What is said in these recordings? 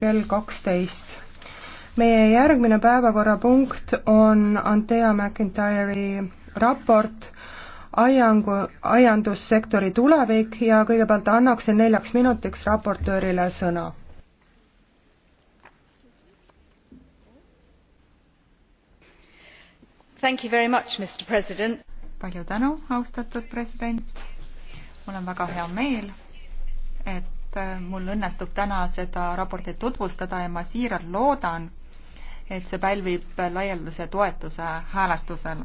kell kaksteist. meie järgmine päevakorrapunkt on Antea McIntyre'i raport aiangu, aiandussektori tulevik ja kõigepealt annaksin neljaks minutiks raportöörile sõna. Thank you very much, Mr President. palju tänu, austatud president. mul on väga hea meel, et et mul õnnestub täna seda raportit tutvustada ja ma siiralt loodan, et see pälvib laialdase toetuse hääletusel.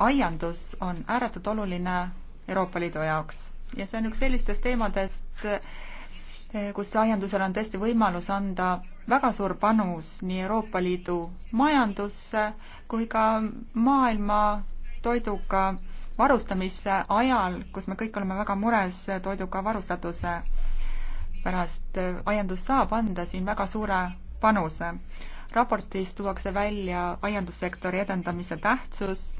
aiandus on ääretult oluline Euroopa Liidu jaoks ja see on üks sellistest teemadest, kus aiandusel on tõesti võimalus anda väga suur panus nii Euroopa Liidu majandusse kui ka maailma toiduga varustamise ajal, kus me kõik oleme väga mures toiduga varustatuse pärast, aiandus saab anda siin väga suure panuse. raportis tuuakse välja aiandussektori edendamise tähtsus,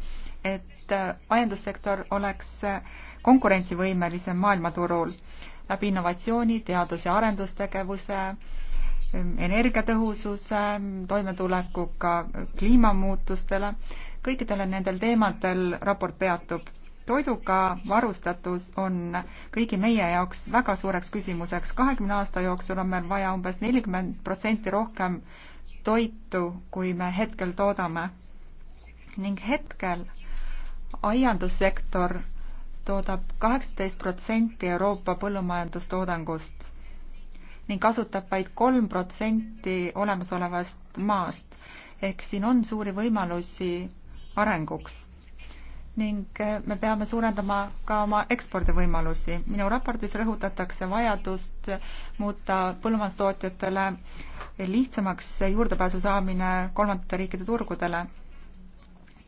et aiandussektor oleks konkurentsivõimelisem maailmaturul läbi innovatsiooni, teadus- ja arendustegevuse, energiatõhususe, toimetulekuga kliimamuutustele, kõikidel nendel teemadel raport peatub toiduga varustatus on kõigi meie jaoks väga suureks küsimuseks. kahekümne aasta jooksul on meil vaja umbes nelikümmend protsenti rohkem toitu, kui me hetkel toodame. ning hetkel aiandussektor toodab kaheksateist protsenti Euroopa põllumajandustoodangust ning kasutab vaid kolm protsenti olemasolevast maast. ehk siin on suuri võimalusi arenguks ning eh, me peame suurendama ka oma ekspordivõimalusi. minu raportis rõhutatakse vajadust muuta põllumajandustootjatele lihtsamaks juurdepääsu saamine kolmandate riikide turgudele.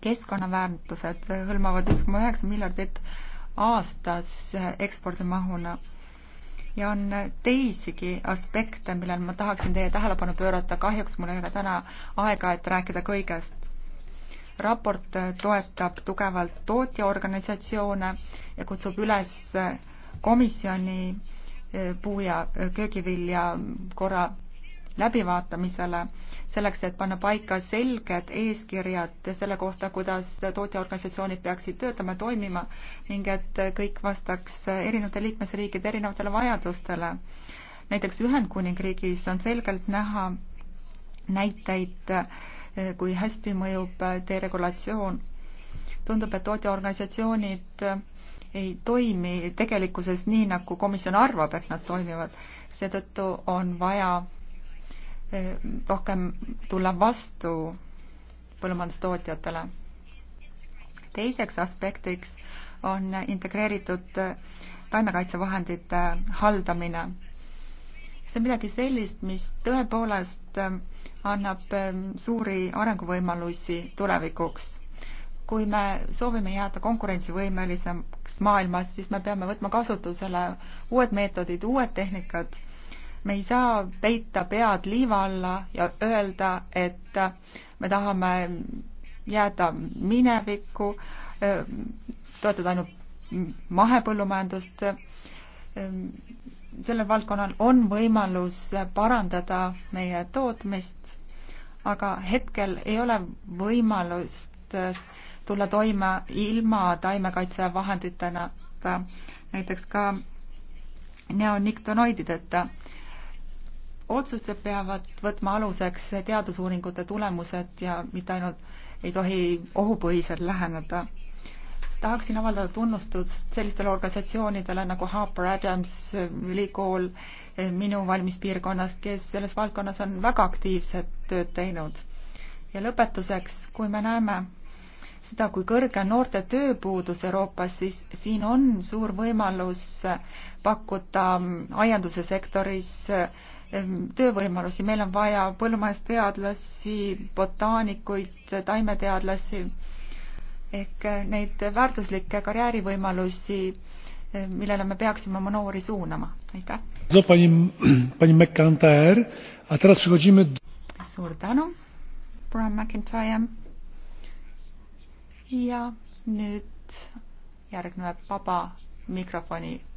keskkonnaväärtused hõlmavad üks koma üheksa miljardit aastas ekspordimahuna ja on teisigi aspekte, millele ma tahaksin teie tähelepanu pöörata, kahjuks mul ei ole täna aega, et rääkida kõigest raport toetab tugevalt tootjaorganisatsioone ja kutsub üles komisjoni eh, puu- ja eh, köögivilja korra läbivaatamisele, selleks et panna paika selged eeskirjad selle kohta, kuidas tootjaorganisatsioonid peaksid töötama, toimima ning et kõik vastaks erinevate liikmesriikide erinevatele vajadustele. näiteks Ühendkuningriigis on selgelt näha näiteid Eh, kui hästi mõjub deregulatsioon. Eh, tundub, et tootjaorganisatsioonid eh, ei toimi tegelikkuses nii, nagu komisjon arvab, et nad toimivad. seetõttu on vaja rohkem tulla vastu põllumajandustootjatele. teiseks aspektiks on integreeritud taimekaitsevahendite haldamine see on midagi sellist, mis tõepoolest ähm, annab ähm, suuri arenguvõimalusi tulevikuks. kui me soovime jääda konkurentsivõimelisemaks maailmas, siis me peame võtma kasutusele uued meetodid, uued tehnikad. me ei saa peita pead liiva alla ja öelda, et äh, me tahame jääda minevikku, äh, toetada ainult mahepõllumajandust äh, sellel valdkonnal on võimalus parandada meie tootmist, aga hetkel ei ole võimalust tulla toime ilma taimekaitsevahenditena, näiteks ka neoniktonoidideta. otsused peavad võtma aluseks teadusuuringute tulemused ja mitte ainult ei tohi ohupõhiselt läheneda tahaksin avaldada tunnustust sellistele organisatsioonidele nagu Harper Adams ülikool eh, minu valimispiirkonnast, kes selles valdkonnas on väga aktiivset tööd teinud. ja lõpetuseks, kui me näeme seda, kui kõrge on noorte tööpuudus Euroopas, siis siin on suur võimalus pakkuda aianduse sektoris eh, töövõimalusi, meil on vaja põllumajandusteadlasi, botaanikuid, taimeteadlasi ehk äh, neid väärtuslikke karjäärivõimalusi, äh, millele me peaksime oma noori suunama, aitäh. suur tänu, Brian McIntyre. ja nüüd järgneb vaba mikrofoni